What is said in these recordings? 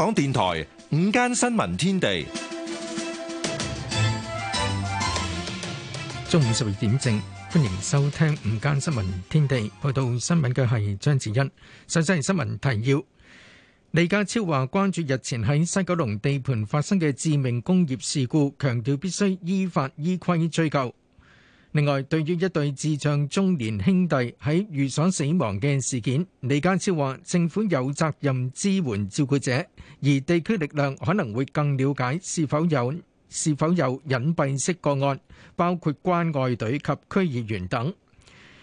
香港電台午間新聞天地，中午十二點正，歡迎收聽午間新聞天地。報道新聞嘅係張子欣。首先係新聞提要，李家超話關注日前喺西九龍地盤發生嘅致命工業事故，強調必須依法依規追究。另外，對於一對智障中年兄弟喺寓所死亡嘅事件，李家超話：政府有責任支援照顧者，而地區力量可能會更了解是否有是否有隱蔽式個案，包括關愛隊及區議員等。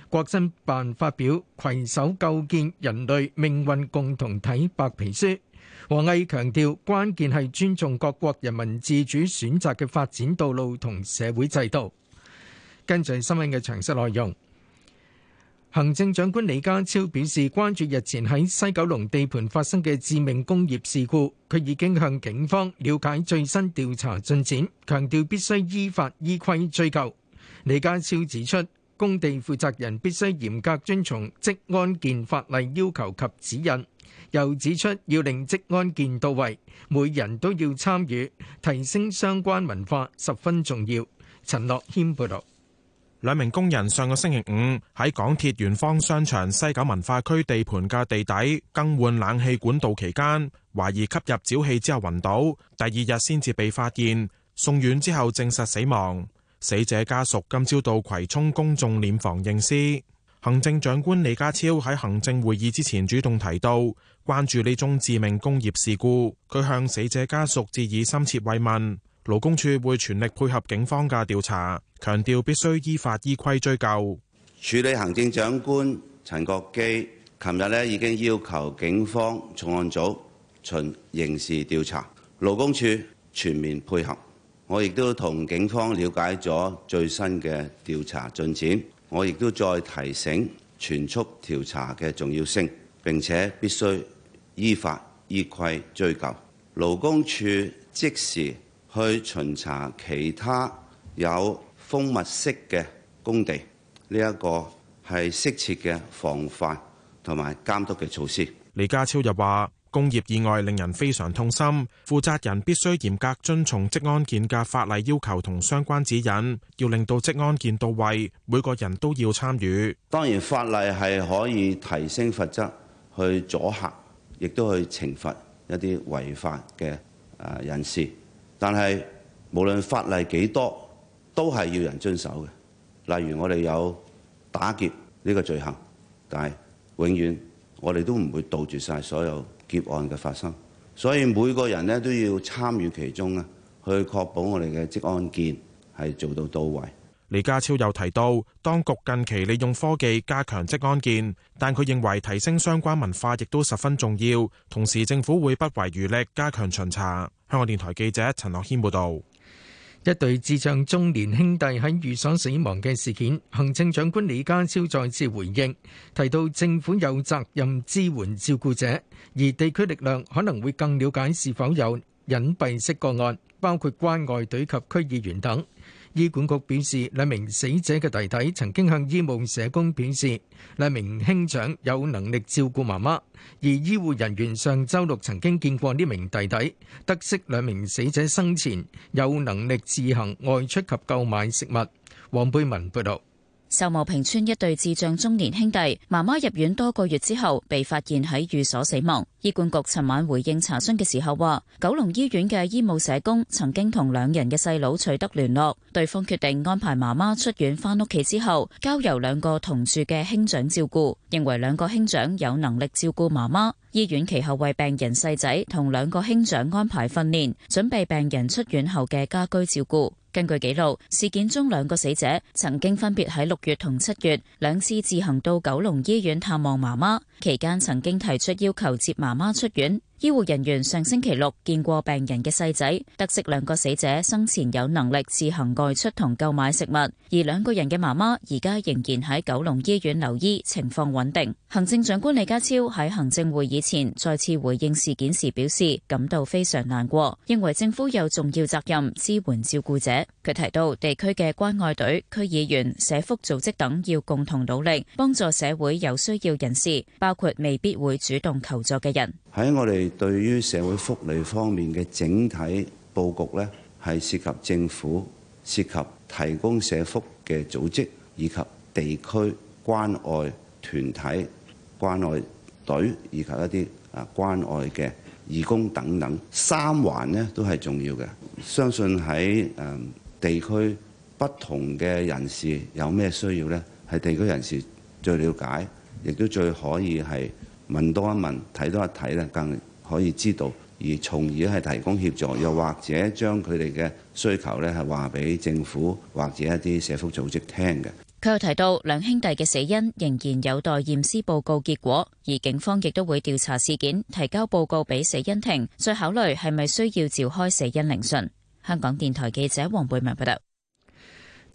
國新辦發表《攜手構建人類命運共同體》白皮書，王毅強調關鍵係尊重各國人民自主選擇嘅發展道路同社會制度。跟住新聞嘅詳細內容，行政長官李家超表示關注日前喺西九龍地盤發生嘅致命工業事故。佢已經向警方瞭解最新調查進展，強調必須依法依規追究。李家超指出，工地負責人必須嚴格遵從職安健法例要求及指引，又指出要令職安健到位，每人都要參與，提升相關文化十分重要。陳樂軒報道。兩名工人上個星期五喺港鐵圓方商場西九文化區地盤嘅地底更換冷氣管道期間，懷疑吸入沼氣之後暈倒，第二日先至被發現送院之後證實死亡。死者家屬今朝到葵涌公眾殮房認屍。行政長官李家超喺行政會議之前主動提到關注呢宗致命工業事故，佢向死者家屬致以深切慰問。勞工處會全力配合警方嘅調查，強調必須依法依規追究處理。行政長官陳國基琴日咧，已經要求警方重案組循刑事調查，勞工處全面配合。我亦都同警方了解咗最新嘅調查進展，我亦都再提醒全速調查嘅重要性，並且必須依法依規追究。勞工處即時。去巡查其他有封密式嘅工地，呢一個係適切嘅防範同埋監督嘅措施。李家超又話工業意外令人非常痛心，負責人必須嚴格遵從職安健嘅法例要求同相關指引，要令到職安健到位，每個人都要參與。當然，法例係可以提升罰則去阻嚇，亦都去懲罰一啲違法嘅誒人士。但係，無論法例幾多，都係要人遵守嘅。例如我哋有打劫呢個罪行，但係永遠我哋都唔會杜絕曬所有劫案嘅發生。所以每個人都要參與其中，去確保我哋嘅治安建係做到到位。李家超又提到，當局近期利用科技加強職安健，但佢認為提升相關文化亦都十分重要。同時，政府會不遺餘力加強巡查。香港電台記者陳樂謙報道：一對智障中年兄弟喺寓所死亡嘅事件，行政長官李家超再次回應，提到政府有責任支援照顧者，而地區力量可能會更了解是否有隱蔽式個案，包括關愛隊及區議員等。醫管局表示，兩名死者嘅弟弟曾經向醫務社工表示，兩名兄長有能力照顧媽媽，而醫護人員上周六曾經見過呢名弟弟，得悉兩名死者生前有能力自行外出及購買食物。黃貝文報道。秀茂坪村一對智障中年兄弟，媽媽入院多個月之後，被發現喺寓所死亡。醫管局尋晚回應查詢嘅時候話，九龍醫院嘅醫務社工曾經同兩人嘅細佬取得聯絡，對方決定安排媽媽出院翻屋企之後，交由兩個同住嘅兄長照顧，認為兩個兄長有能力照顧媽媽。醫院其後為病人細仔同兩個兄長安排訓練，準備病人出院後嘅家居照顧。根據紀錄，事件中兩個死者曾經分別喺六月同七月兩次自行到九龍醫院探望媽媽，期間曾經提出要求接媽媽出院。醫護人員上星期六見過病人嘅細仔，得悉兩個死者生前有能力自行外出同購買食物，而兩個人嘅媽媽而家仍然喺九龍醫院留醫，情況穩定。行政長官李家超喺行政會議前再次回應事件時表示，感到非常難過，認為政府有重要責任支援照顧者。佢提到地區嘅關愛隊、區議員、社福組織等要共同努力，幫助社會有需要人士，包括未必會主動求助嘅人。喺我哋對於社會福利方面嘅整體佈局呢，係涉及政府、涉及提供社福嘅組織，以及地區關愛團體、關愛隊以及一啲啊關愛嘅義工等等，三環呢都係重要嘅。相信喺誒地區不同嘅人士有咩需要呢，係地區人士最瞭解，亦都最可以係。問多一問，睇多一睇呢，更可以知道，而從而係提供協助，又或者將佢哋嘅需求呢係話俾政府或者一啲社福組織聽嘅。佢又提到兩兄弟嘅死因仍然有待驗屍報告結果，而警方亦都會調查事件，提交報告俾死因庭，再考慮係咪需要召開死因聆訊。香港電台記者黃貝文報道。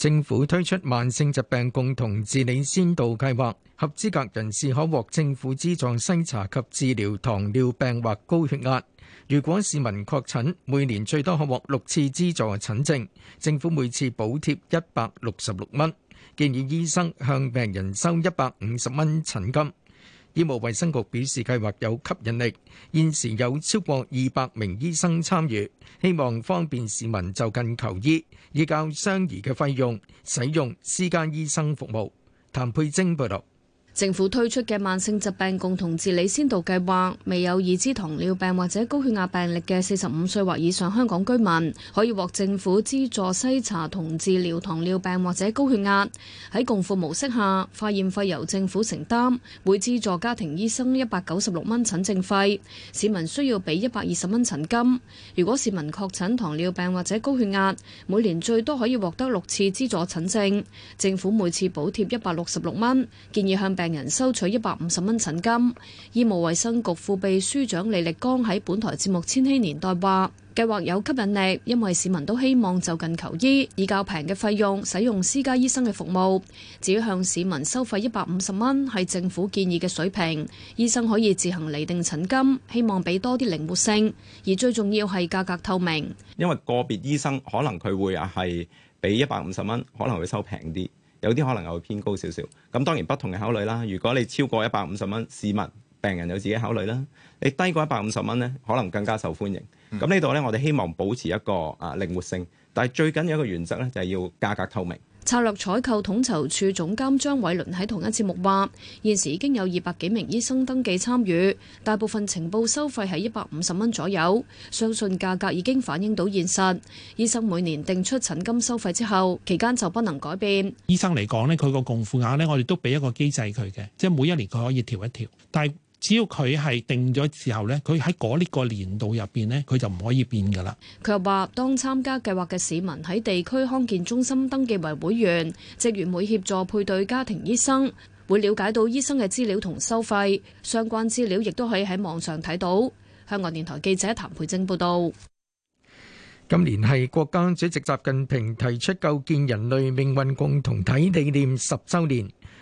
政府推出慢性疾病共同治理先導計劃，合資格人士可獲政府資助篩查及治療糖尿病或高血壓，如果市民確診，每年最多可獲六次資助診症，政府每次補貼一百六十六蚊，建議醫生向病人收一百五十蚊診金。醫務衛生局表示，計劃有吸引力，現時有超過二百名醫生參與，希望方便市民就近求醫，以較相宜嘅費用使用私家醫生服務。譚佩晶報道。政府推出嘅慢性疾病共同治理先導計劃，未有已知糖尿病或者高血壓病歷嘅四十五歲或以上香港居民，可以獲政府資助篩查同治療糖尿病或者高血壓，喺共付模式下，化驗費由政府承擔，每資助家庭醫生一百九十六蚊診症費，市民需要俾一百二十蚊診金。如果市民確診糖尿病或者高血壓，每年最多可以獲得六次資助診症，政府每次補貼一百六十六蚊，建議向病病人收取一百五十蚊診金，醫務衛生局副秘書長李力剛喺本台節目《千禧年代》話：計劃有吸引力，因為市民都希望就近求醫，以較平嘅費用使用私家醫生嘅服務。至於向市民收費一百五十蚊，係政府建議嘅水平。醫生可以自行厘定診金，希望俾多啲靈活性。而最重要係價格透明，因為個別醫生可能佢會啊，係俾一百五十蚊，可能會收平啲。有啲可能又會偏高少少，咁當然不同嘅考慮啦。如果你超過一百五十蚊，市民、病人有自己考慮啦。你低過一百五十蚊咧，可能更加受歡迎。咁呢度咧，我哋希望保持一個啊靈活性，但係最緊要一個原則咧，就係要價格透明。策略採購統籌處總監張偉倫喺同一節目話：現時已經有二百幾名醫生登記參與，大部分情報收費係一百五十蚊左右，相信價格已經反映到現實。醫生每年定出診金收費之後，期間就不能改變。醫生嚟講呢，佢個共付額呢，我哋都俾一個機制佢嘅，即係每一年佢可以調一調，但係，只要佢係定咗之後咧，佢喺嗰呢個年度入邊咧，佢就唔可以變噶啦佢又話：當參加計劃嘅市民喺地區康健中心登記為會員，職員會協助配對家庭醫生，會了解到醫生嘅資料同收費，相關資料亦都可以喺網上睇到。香港電台記者譚佩貞報道。今年係國家主席習近平提出構建人類命運共同體理念十周年。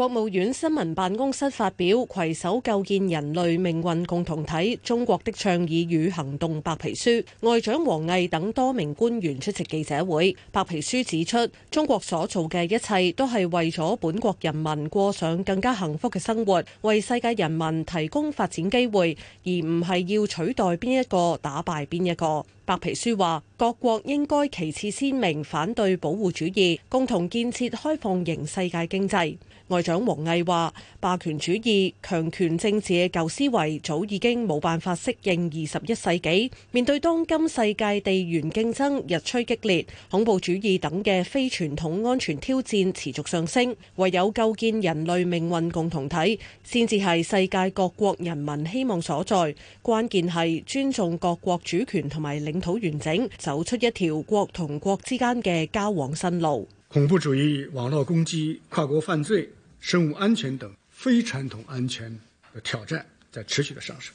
國務院新聞辦公室發表《攜手構建人類命運共同體：中國的倡議與行動》白皮書，外長王毅等多名官員出席記者會。白皮書指出，中國所做嘅一切都係為咗本國人民過上更加幸福嘅生活，為世界人民提供發展機會，而唔係要取代邊一個、打敗邊一個。白皮書話，各國應該旗幟鮮明反對保護主義，共同建設開放型世界經濟。外長王毅話，霸權主義、強權政治嘅舊思維早已經冇辦法適應二十一世紀。面對當今世界地緣競爭日趨激烈、恐怖主義等嘅非傳統安全挑戰持續上升，唯有構建人類命運共同體，先至係世界各國人民希望所在。關鍵係尊重各國主權同埋領土完整，走出一條國同國之間嘅交往新路。恐怖主義、網絡攻擊、跨國犯罪、生物安全等非傳統安全嘅挑戰在持續的上升。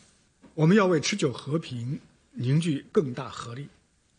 我們要為持久和平凝聚更大合力，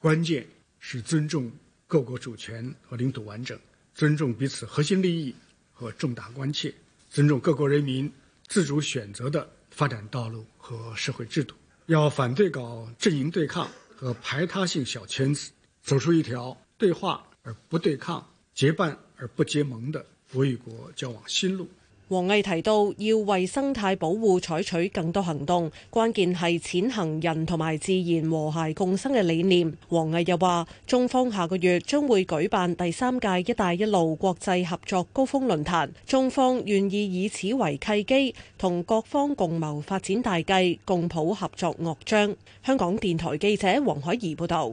關鍵是尊重各國主權和領土完整，尊重彼此核心利益和重大關切，尊重各國人民自主選擇的發展道路和社會制度。要反對搞陣營對抗。和排他性小圈子，走出一條對話而不對抗、結伴而不結盟的國與國交往新路。王毅提到，要為生態保護採取更多行動，關鍵係踐行人同埋自然和諧共生嘅理念。王毅又話，中方下個月將會舉辦第三屆「一帶一路」國際合作高峰論壇，中方願意以此為契機，同各方共謀發展大計，共譜合作樂章。香港電台記者黃海怡報道。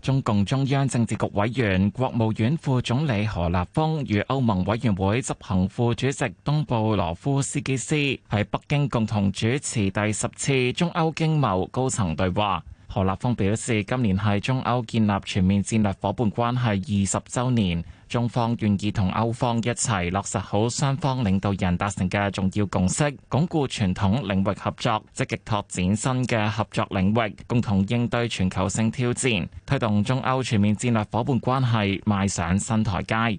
中共中央政治局委員、國務院副總理何立峰與歐盟委員會執行副主席東布羅夫斯基斯喺北京共同主持第十次中歐經貿高層對話。何立峰表示，今年係中歐建立全面戰略夥伴關係二十周年。中方願意同歐方一齊落實好雙方領導人達成嘅重要共識，鞏固傳統領域合作，積極拓展新嘅合作領域，共同應對全球性挑戰，推動中歐全面戰略伙伴關係邁上新台階。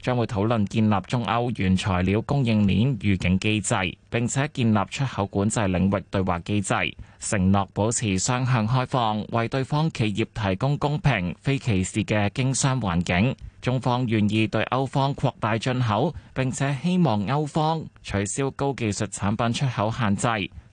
將會討論建立中歐原材料供應鏈預警機制，並且建立出口管制領域對話機制，承諾保持雙向開放，為對方企業提供公平、非歧視嘅經商環境。中方願意對歐方擴大進口，並且希望歐方取消高技術產品出口限制。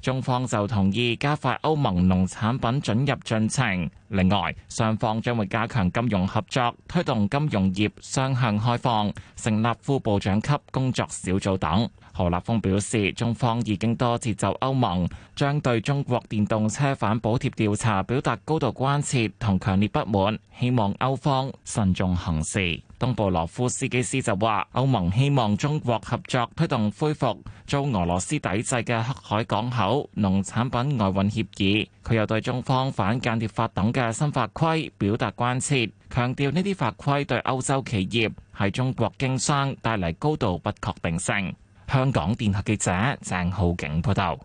中方就同意加快歐盟農產品准入進程。另外，雙方將會加強金融合作，推動金融業雙向開放，成立副部長級工作小組等。何立峰表示，中方已經多次就歐盟將對中國電動車反補貼調查表達高度關切同強烈不滿，希望歐方慎重行事。東布羅夫斯基斯就話，歐盟希望中國合作推動恢復遭俄羅斯抵制嘅黑海港口農產品外運協議。佢又對中方反間諜法等嘅新法規表達關切，強調呢啲法規對歐洲企業喺中國經商帶嚟高度不確定性。香港電訊記者鄭浩景報道：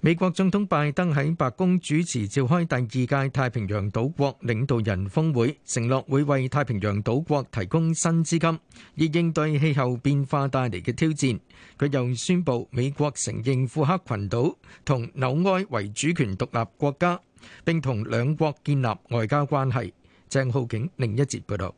美國總統拜登喺白宮主持召開第二屆太平洋島國領導人峰會，承諾會為太平洋島國提供新資金，以應對氣候變化帶嚟嘅挑戰。佢又宣布美國承認庫克群島同紐埃為主權獨立國家，並同兩國建立外交關係。鄭浩景另一節報道。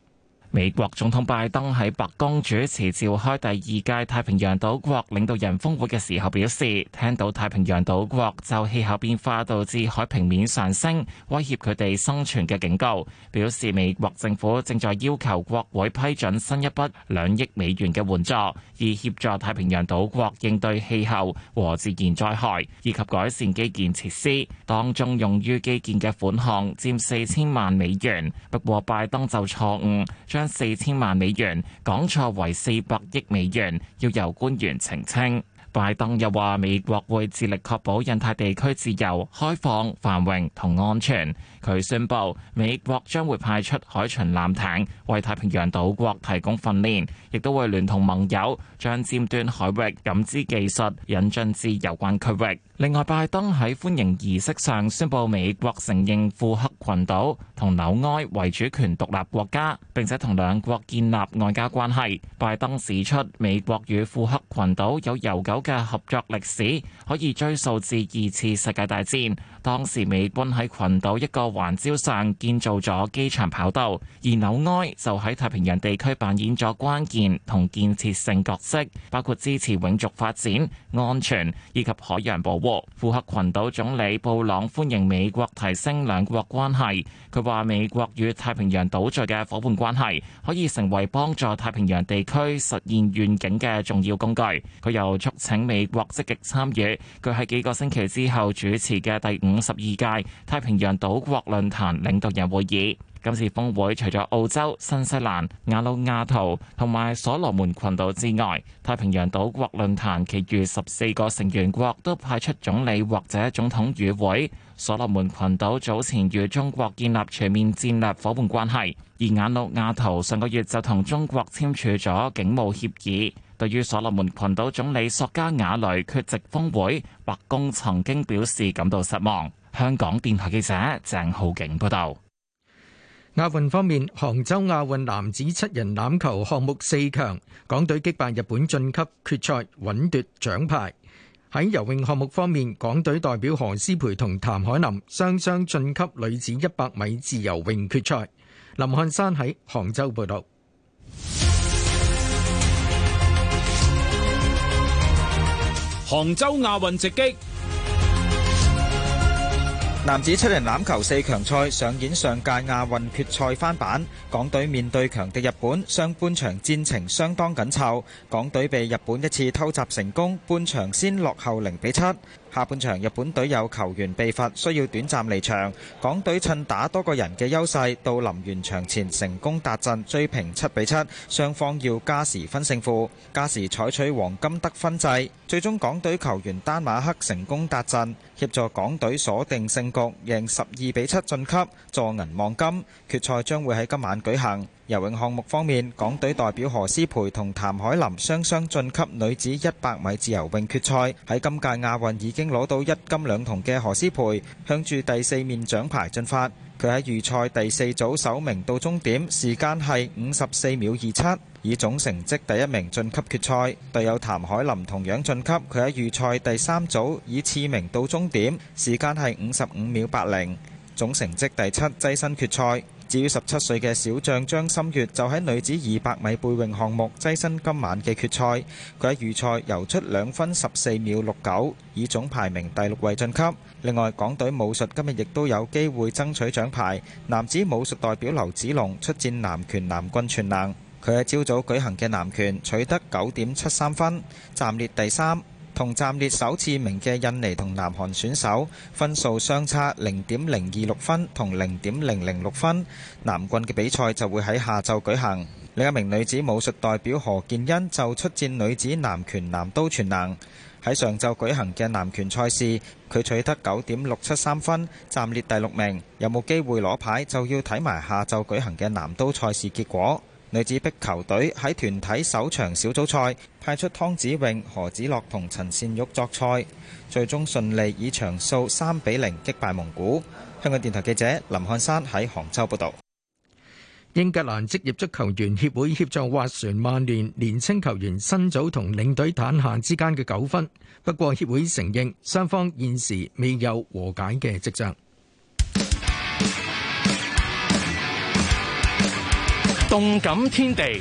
美國總統拜登喺白宮主持召開第二屆太平洋島國領導人峰會嘅時候，表示聽到太平洋島國就氣候變化導致海平面上升，威脅佢哋生存嘅警告，表示美國政府正在要求國會批准新一筆兩億美元嘅援助，以協助太平洋島國應對氣候和自然災害，以及改善基建設施，當中用於基建嘅款項佔四千萬美元。不過拜登就錯誤。將四千萬美元講錯為四百億美元，要由官員澄清。拜登又話美國會致力確保印太地區自由、開放、繁榮同安全。佢宣佈美國將會派出海巡艦艇為太平洋島國提供訓練，亦都會聯同盟友將尖端海域感知技術引進至有關區域。另外，拜登喺歡迎儀式上宣布美國承認庫克群島同紐埃為主權獨立國家，並且同兩國建立外交關係，拜登指出，美國與庫克群島有悠久嘅合作歷史，可以追溯至二次世界大戰。當時美軍喺群島一個環礁上建造咗機場跑道，而紐埃就喺太平洋地區扮演咗關鍵同建設性角色，包括支持永續發展、安全以及海洋保護。庫克群島總理布朗歡迎美國提升兩國關係。佢話：美國與太平洋島嶼嘅夥伴關係可以成為幫助太平洋地區實現願景嘅重要工具。佢又促請美國積極參與。佢喺幾個星期之後主持嘅第五。第十二屆太平洋島國論壇領導人會議。今次峰會，除咗澳洲、新西蘭、雅魯亞圖同埋所羅門群島之外，太平洋島國論壇其餘十四個成員國都派出總理或者總統與會。所羅門群島早前與中國建立全面戰略夥伴關係，而雅魯亞圖上個月就同中國簽署咗警務協議。對於所羅門群島總理索加瓦雷缺席峯會，白宮曾經表示感到失望。香港電台記者鄭浩景報道。亞運方面，杭州亞運男子七人欖球項目四強，港隊擊敗日本晉級決賽，穩奪獎牌。喺游泳項目方面，港隊代表何詩蓓同譚凱琳雙雙晉級女子一百米自由泳決賽。林漢山喺杭州報道。杭州亞運直擊，男子七人欖球四強賽上演上屆亞運決賽翻版，港隊面對強敵日本，上半場戰情相當緊湊，港隊被日本一次偷襲成功，半場先落後零比七。下半場，日本隊有球員被罰，需要短暫離場。港隊趁打多個人嘅優勢，到臨完場前成功達陣追平七比七，雙方要加時分勝負。加時採取黃金得分制，最終港隊球員丹馬克成功達陣，協助港隊鎖定勝局，贏十二比七晉級，助銀望金。決賽將會喺今晚舉行。游泳項目方面，港隊代表何思培同譚海林雙雙晉級女子一百米自由泳決賽。喺今屆亞運已經攞到一金兩銅嘅何思培向住第四面獎牌進發。佢喺預賽第四組首名到終點，時間係五十四秒二七，以總成績第一名晉級決賽。隊友譚海林同樣晉級，佢喺預賽第三組以次名到終點，時間係五十五秒八零，總成績第七躋身決賽。至於十七歲嘅小將張心月就喺女子二百米背泳項目躋身今晚嘅決賽。佢喺預賽游出兩分十四秒六九，以總排名第六位晉級。另外，港隊武術今日亦都有機會爭取獎牌。男子武術代表劉子龍出戰南拳南棍全能，佢喺朝早舉行嘅南拳取得九點七三分，暫列第三。同暫列首次名嘅印尼同南韓選手分數相差零點零二六分同零點零零六分。南棍嘅比賽就會喺下晝舉行。另一名女子武術代表何建欣就出戰女子南拳南刀全能。喺上晝舉行嘅南拳賽事，佢取得九點六七三分，暫列第六名。有冇機會攞牌就要睇埋下晝舉行嘅南刀賽事結果。女子壁球隊喺團體首場小組賽派出湯子詠、何子樂同陳善玉作賽，最終順利以場數三比零擊敗蒙古。香港電台記者林漢山喺杭州報導。英格蘭職業足球員協會協助斡旋曼聯年青球員辛祖同領隊坦夏之間嘅糾紛，不過協會承認雙方現時未有和解嘅跡象。動感天地。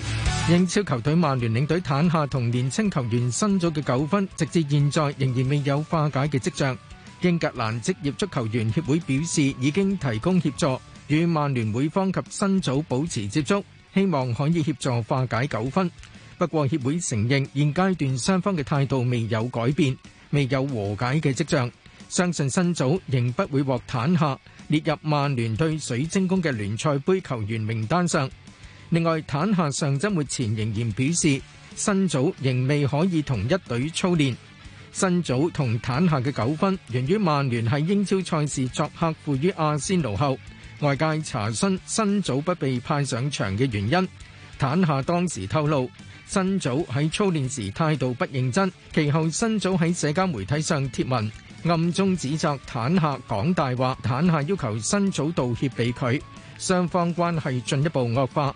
英超球隊曼聯領隊坦下同年青球員新組嘅糾紛，直至現在仍然未有化解嘅跡象。英格蘭職業足球員協會表示，已經提供協助，與曼聯會方及新組保持接觸，希望可以協助化解糾紛。不過，協會承認現階段雙方嘅態度未有改變，未有和解嘅跡象。相信新組仍不會獲坦下，列入曼聯對水晶宮嘅聯賽盃球員名單上。另外，坦下上周末前仍然表示，新組仍未可以同一隊操練，新組同坦下嘅糾紛源於曼聯喺英超賽事作客負於阿仙奴後，外界查詢新組不被派上場嘅原因。坦下當時透露，新組喺操練時態度不認真。其後，新組喺社交媒體上貼文，暗中指責坦下講大話。坦下要求新組道歉被拒，雙方關係進一步惡化。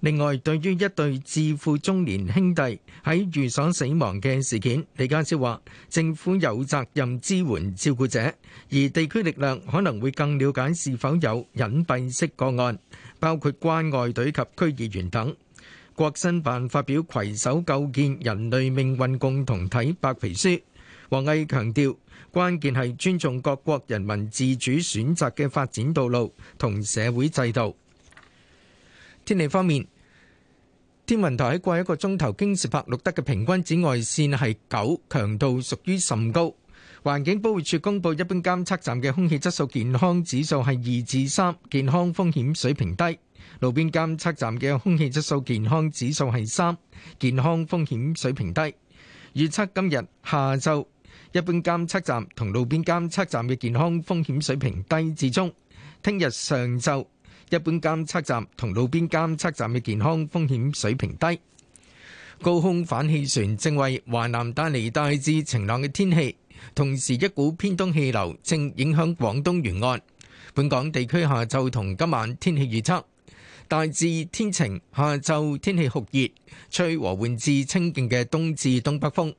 另外，對於一對自富中年兄弟喺寓所死亡嘅事件，李家超話：政府有責任支援照顧者，而地區力量可能會更了解是否有隱蔽式個案，包括關愛隊及區議員等。國新辦發表《攜手構建人類命運共同體》白皮書，王毅強調關鍵係尊重各國人民自主選擇嘅發展道路同社會制度。天氣方面，天文台喺過去一個鐘頭京士柏錄得嘅平均紫外線係九，強度屬於甚高。環境保護署公布，一般監測站嘅空氣質素健康指數係二至三，健康風險水平低；路邊監測站嘅空氣質素健康指數係三，健康風險水平低。預測今日下晝，一般監測站同路邊監測站嘅健康風險水平低至中。聽日上晝。一般監測站同路邊監測站嘅健康風險水平低。高空反氣旋正為華南帶嚟大致晴朗嘅天氣，同時一股偏東氣流正影響廣東沿岸。本港地區下晝同今晚天氣預測大致天晴，下晝天氣酷熱，吹和緩至清勁嘅東至東北風。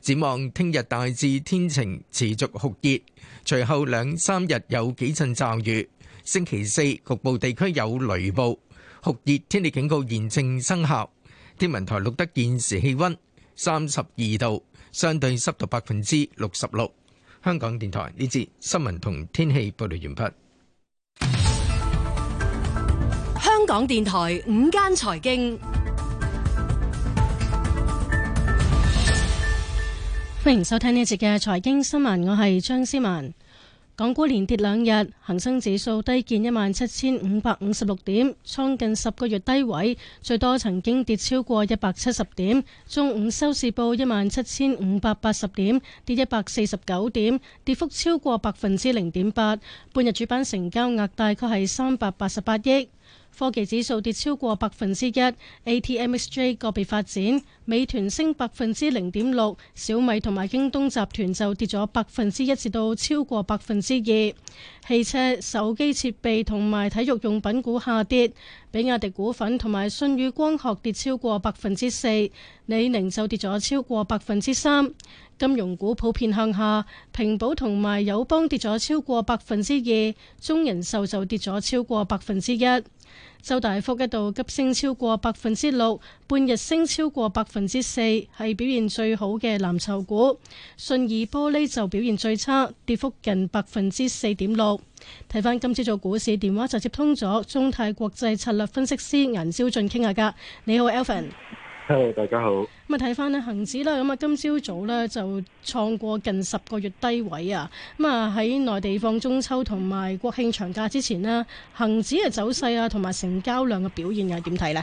展望聽日大致天晴，持續酷熱，隨後兩三日有幾陣驟雨。星期四局部地區有雷暴，酷熱天氣警告現正生效。天文台錄得現時氣溫三十二度，相對濕度百分之六十六。香港電台呢節新聞同天氣報道完畢。香港電台午間財經，歡迎收聽呢一節嘅財經新聞，我係張思文。港股連跌兩日，恒生指數低見一萬七千五百五十六點，創近十個月低位，最多曾經跌超過一百七十點。中午收市報一萬七千五百八十點，跌一百四十九點，跌幅超過百分之零點八。半日主板成交額大概係三百八十八億。科技指數跌超過百分之一，A T M X J 個別發展，美團升百分之零點六，小米同埋京東集團就跌咗百分之一至到超過百分之二。汽車、手機設備同埋體育用品股下跌，比亞迪股份同埋信宇光學跌超過百分之四，李寧就跌咗超過百分之三。金融股普遍向下，平保同埋友邦跌咗超過百分之二，中人壽就跌咗超過百分之一。周大福一度急升超過百分之六，半日升超過百分之四，係表現最好嘅藍籌股。信義玻璃就表現最差，跌幅近百分之四點六。睇翻今朝做股市電話就接通咗中泰國際策略分析師顏肖俊傾下偈，你好 Alvin。Al 大家好。咁啊，睇翻呢恒指啦，咁啊，今朝早呢，就創過近十個月低位啊。咁啊，喺內地放中秋同埋國慶長假之前呢，恒指嘅走勢啊，同埋成交量嘅表現又點睇呢？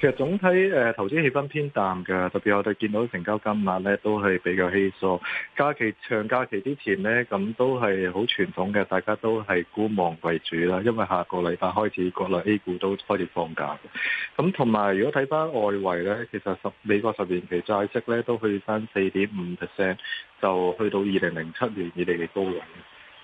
其實總體誒、呃、投資氣氛偏淡嘅，特別我哋見到成交金額咧都係比較稀疏。假期，長假期之前咧，咁都係好傳統嘅，大家都係觀望為主啦。因為下個禮拜開始，國內 A 股都開始放假，咁同埋如果睇翻外圍咧，其實十，美國十年期債息咧都去翻四點五 percent，就去到二零零七年以嚟嘅高位。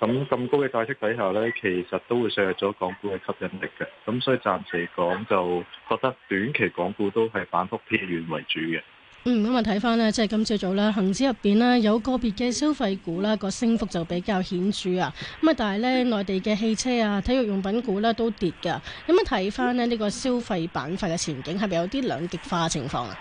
咁咁高嘅債息底下呢，其實都會削弱咗港股嘅吸引力嘅。咁所以暫時講就覺得短期港股都係反覆偏軟為主嘅。嗯，咁啊睇翻呢，即係今朝早咧，恆指入邊呢，有個別嘅消費股啦，個升幅就比較顯著啊。咁啊，但係呢內地嘅汽車啊、體育用品股呢，都跌嘅。咁樣睇翻咧呢、呢個消費板塊嘅前景係咪有啲兩極化嘅情況啊？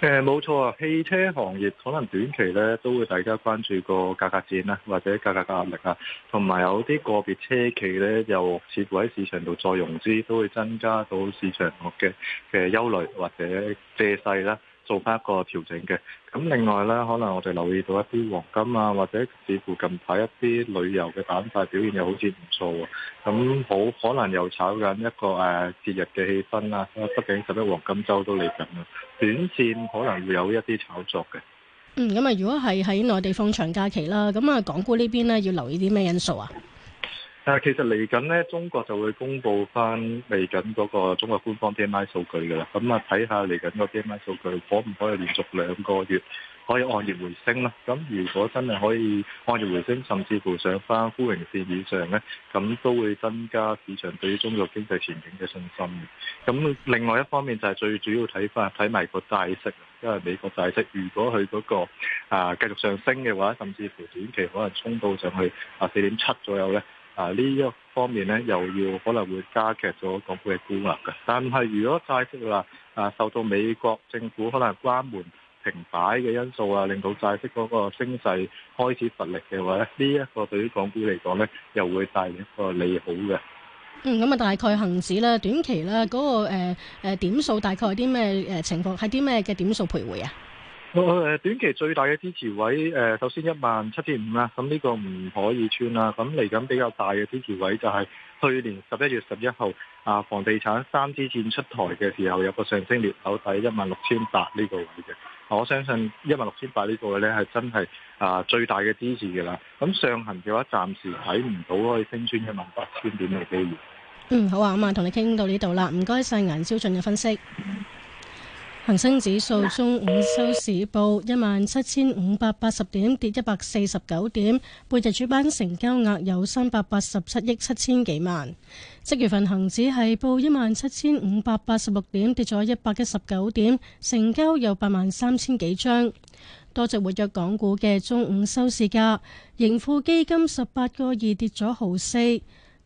誒冇錯啊，汽車行業可能短期咧都會大家關注個價格戰啦，或者價格嘅壓力啊，同埋有啲個別車企咧又似乎喺市場度再融資，都會增加到市場嘅嘅憂慮或者借勢啦。做翻一個調整嘅，咁另外咧，可能我哋留意到一啲黃金啊，或者似乎近排一啲旅遊嘅板塊表現又好似唔錯喎，咁好可能又炒緊一個誒、啊、節日嘅氣氛啦、啊，畢竟十一黃金周都嚟緊啊。短線可能會有一啲炒作嘅。嗯，咁啊，如果係喺內地放長假期啦，咁啊，港股呢邊咧要留意啲咩因素啊？但係其實嚟緊咧，中國就會公布翻嚟緊嗰個中國官方 PMI 數據嘅啦。咁啊，睇下嚟緊個 PMI 數據可唔可以連續兩個月可以按月回升啦？咁如果真係可以按月回升，甚至乎上翻枯榮線以上咧，咁都會增加市場對於中國經濟前景嘅信心。咁另外一方面就係最主要睇翻睇埋個債息，因為美國債息，如果佢嗰、那個啊繼續上升嘅話，甚至乎短期可能衝到上去啊四點七左右咧。啊！呢一方面咧，又要可能會加劇咗港股嘅沽壓嘅。但係，如果債息啊，啊受到美國政府可能關門停擺嘅因素啊，令到債息嗰個升勢開始乏力嘅話咧，呢一個對於港股嚟講咧，又會帶嚟一個利好嘅。嗯，咁啊，大概恆指咧，短期咧，嗰個誒誒點數大概啲咩誒情況？係啲咩嘅點數徘徊啊？誒短期最大嘅支持位誒，首先一萬七千五啦，咁呢個唔可以穿啦。咁嚟緊比較大嘅支持位就係去年十一月十一號啊，房地產三支箭出台嘅時候有個上升裂口喺一萬六千八呢個位嘅。我相信一萬六千八呢個位咧係真係啊最大嘅支持嘅啦。咁上行嘅話，暫時睇唔到可以升穿一萬八千點嘅機會。嗯，好啊，咁啊，同你傾到呢度啦，唔該晒顏超俊嘅分析。恒生指數中午收市報一萬七千五百八十點，跌一百四十九點。半日主板成交額有三百八十七億七千幾萬。即月份恒指係報一萬七千五百八十六點，跌咗一百一十九點，成交有八萬三千幾張。多隻活躍港股嘅中午收市價，盈富基金十八個二跌咗毫四，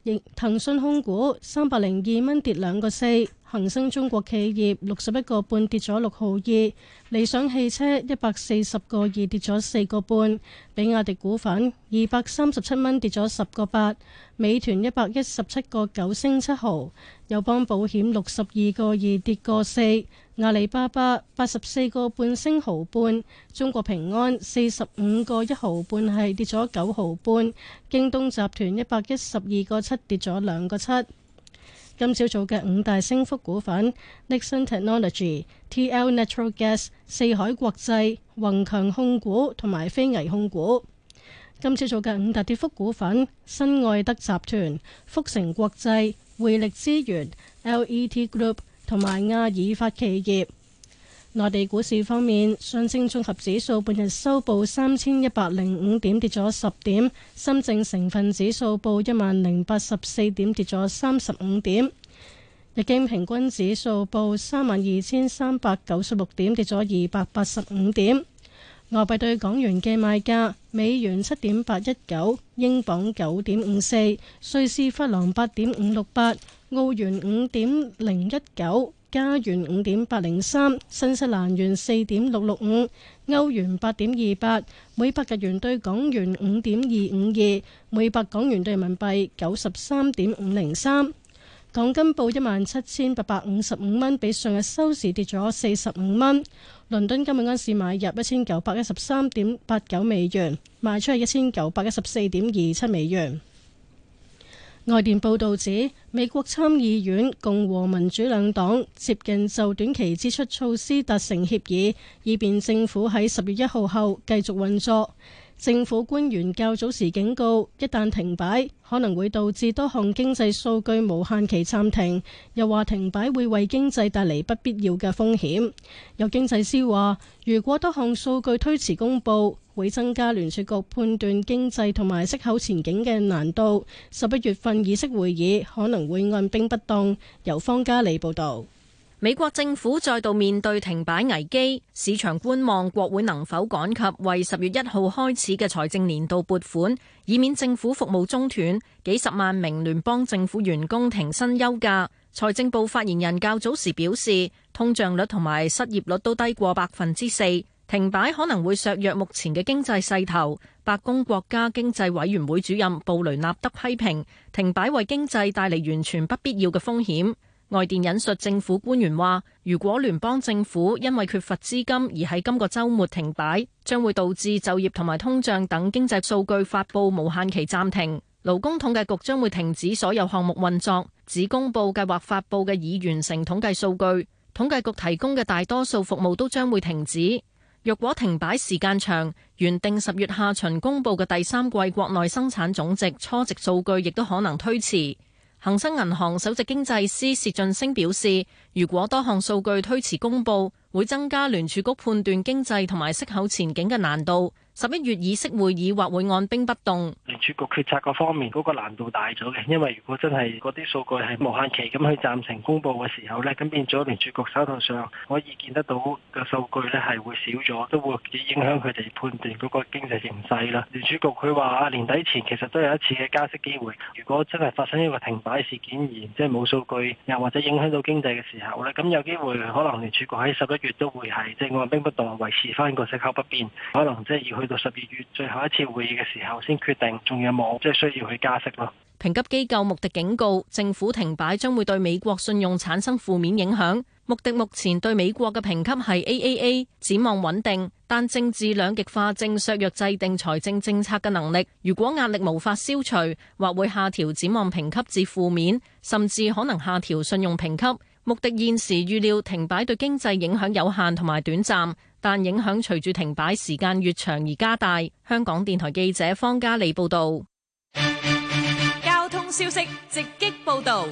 盈騰訊控股三百零二蚊跌兩個四。恒生中國企業六十一個半跌咗六毫二，理想汽車一百四十個二跌咗四個半，比亞迪股份二百三十七蚊跌咗十個八，美團一百一十七個九升七毫，友邦保險六十二個二跌個四，阿里巴巴八十四個半升毫半，中國平安四十五個一毫半係跌咗九毫半，京東集團一百一十二個七跌咗兩個七。今朝早嘅五大升幅股份：Nixon Technology、T L Natural Gas、四海國際、宏強控股同埋飛威控股。今朝早嘅五大跌幅股份：新愛德集團、福城國際、匯力資源、L E T Group 同埋阿爾法企業。內地股市方面，上證綜合指數半日收報三千一百零五點，跌咗十點；深證成分指數報一萬零八十四點，跌咗三十五點；日經平均指數報三萬二千三百九十六點，跌咗二百八十五點。外幣兌港元嘅賣價：美元七點八一九，英鎊九點五四，瑞士法郎八點五六八，澳元五點零一九。加元五點八零三，3，新西蘭元四點六六五，歐元八點二八，每百日元對港元五點二五二，每百港元對人民幣九十三點五零三。港金報一萬七千八百五十五蚊，比上日收市跌咗四十五蚊。倫敦今日開市買入一千九百一十三點八九美元，賣出係一千九百一十四點二七美元。外電報導指，美國參議院共和民主兩黨接近就短期支出措施達成協議，以便政府喺十月一號後繼續運作。政府官員較早時警告，一旦停擺，可能會導致多項經濟數據無限期暫停。又話停擺會為經濟帶嚟不必要嘅風險。有經濟師話，如果多項數據推遲公佈，會增加聯儲局判斷經濟同埋息口前景嘅難度。十一月份議息會議可能會按兵不動。由方家利報導。美國政府再度面對停擺危機，市場觀望國會能否趕及為十月一號開始嘅財政年度撥款，以免政府服務中斷，幾十萬名聯邦政府員工停薪休假。財政部發言人較早時表示，通脹率同埋失業率都低過百分之四，停擺可能會削弱目前嘅經濟勢頭。白宮國家經濟委員會主任布雷納德批評，停擺為經濟帶嚟完全不必要嘅風險。外電引述政府官員話，如果聯邦政府因為缺乏資金而喺今個周末停擺，將會導致就業同埋通脹等經濟數據發布無限期暫停。勞工統計局將會停止所有項目運作，只公布計劃發布嘅已完成統計數據。統計局提供嘅大多數服務都將會停止。若果停擺時間長，原定十月下旬公布嘅第三季國內生產總值初值數據亦都可能推遲。恒生銀行首席經濟師薛俊升表示，如果多項數據推遲公布，會增加聯儲局判斷經濟同埋息口前景嘅難度。十一月議息會議或會按兵不動。聯儲局決策個方面嗰個難度大咗嘅，因為如果真係嗰啲數據係無限期咁去暫停公佈嘅時候咧，咁變咗聯儲局手頭上可以見得到嘅數據咧係會少咗，都會影響佢哋判斷嗰個經濟形勢啦。聯儲局佢話啊，年底前其實都有一次嘅加息機會。如果真係發生一個停擺事件而即係冇數據，又或者影響到經濟嘅時候咧，咁有機會可能聯儲局喺十一月都會係即係按兵不動，維持翻個息口不變，可能即係要去，到十二月最後一次會議嘅時候先決定，仲有冇即係需要去加息咯？評級機構穆迪警告，政府停擺將會對美國信用產生負面影響。穆迪目前對美國嘅評級係 AAA，展望穩定，但政治兩極化正削弱制定財政政策嘅能力。如果壓力無法消除，或會下調展望評級至負面，甚至可能下調信用評級。穆迪現時預料停擺對經濟影響有限同埋短暫。但影響隨住停擺時間越長而加大。香港電台記者方嘉莉報道。交通消息直擊報道。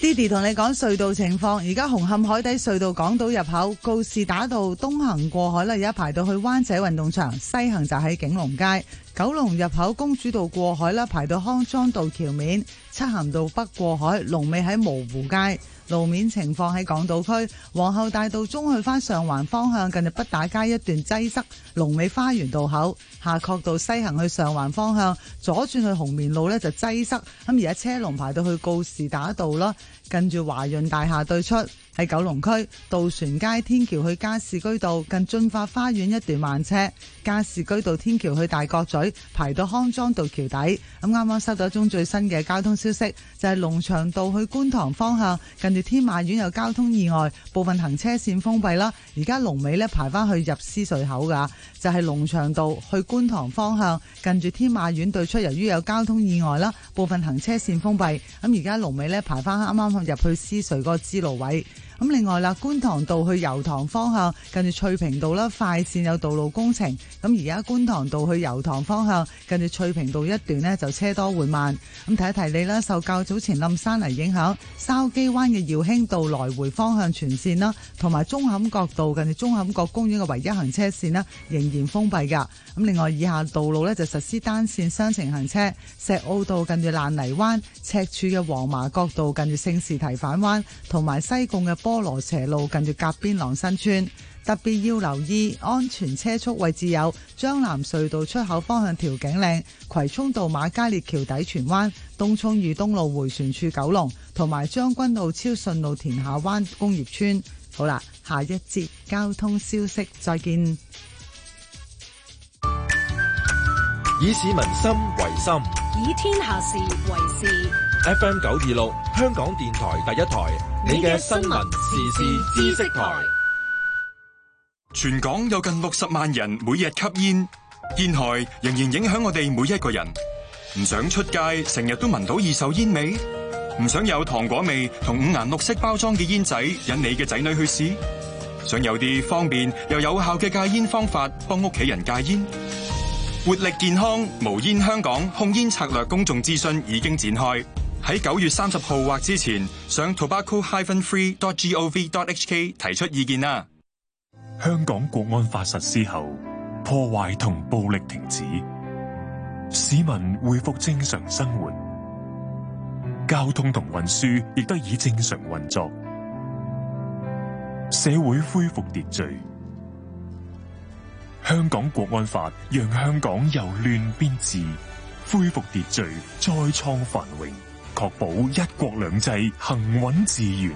Diddy 同你講隧道情況，而家紅磡海底隧道港島入口告士打道東行過海啦，而家排到去灣仔運動場；西行就喺景隆街、九龍入口公主道過海啦，排到康莊道橋面；漆咸道北過海，龍尾喺蕪湖街。路面情況，喺港島區皇后大道中去翻上環方向，近住畢打街一段擠塞。龍尾花園道口。夏慤道西行去上環方向，左轉去紅棉路呢就擠塞，咁而家車龍排到去告士打道啦，近住華潤大廈對出。喺九龍區渡船街天橋去加士居道近駿發花園一段慢車，加士居道天橋去大角咀，排到康莊道橋底。咁啱啱收到一宗最新嘅交通消息，就係龍翔道去觀塘方向近住天馬苑有交通意外，部分行車線封閉啦。而家龍尾呢排翻去入獅隧口噶，就係龍翔道去觀塘方向近住天馬苑對出，由於有交通意外啦，部分行車線封閉。咁而家龍尾呢排翻啱啱入去獅隧嗰個支路位。咁另外啦，觀塘道去油塘方向，近住翠屏道啦，快線有道路工程。咁而家觀塘道去油塘方向，近住翠屏道一段呢，就車多會慢。咁提一提你啦，受較早前冧山泥影響，筲箕灣嘅耀興道來回方向全線啦，同埋中磡角道近住中磡角公園嘅唯一行車線啦，仍然封閉噶。咁另外以下道路呢，就實施單線雙程行車，石澳道近住爛泥灣，赤柱嘅黃麻角道近住聖士提反灣，同埋西貢嘅。菠蘿斜路近住甲邊朗新村，特別要留意安全車速位置有張南隧道出口方向調景嶺、葵涌道瑪嘉烈橋底荃灣、東涌裕東路回旋處九龍，同埋將軍澳超順路田下灣工業村。好啦，下一節交通消息再見。以市民心為心，以天下事為事。FM 九二六，香港電台第一台，你嘅新聞時事知識台。全港有近六十萬人每日吸煙，煙害仍然影響我哋每一個人。唔想出街成日都聞到二手煙味，唔想有糖果味同五顏六色包裝嘅煙仔引你嘅仔女去試，想有啲方便又有效嘅戒煙方法幫屋企人戒煙。活力健康，無煙香港控煙策略公眾諮詢已經展開。喺九月三十號或之前上 t o b a c c o h y p h e n f r e e d g o v h k 提出意見啦。香港國安法實施後，破壞同暴力停止，市民恢復正常生活，交通同運輸亦都以正常運作，社會恢復秩序。香港國安法讓香港由亂變至恢復秩序，再創繁榮。確保一國兩制行穩致遠。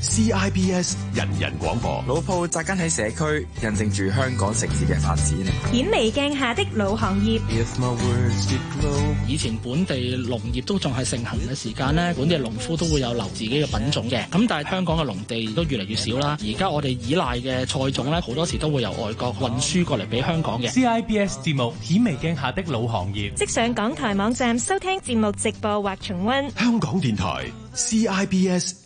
CIBS 人人廣播，老鋪扎根喺社區，印證住香港城市嘅發展。顯微鏡下的老行業。Grow, 以前本地農業都仲係盛行嘅時間咧，本地農夫都會有留自己嘅品種嘅。咁但係香港嘅農地都越嚟越少啦。而家我哋依賴嘅菜種咧，好多時都會由外國運輸過嚟俾香港嘅。CIBS 節目顯微鏡下的老行業，即上港台網站收聽節目直播或重溫。香港電台 CIBS。C I B S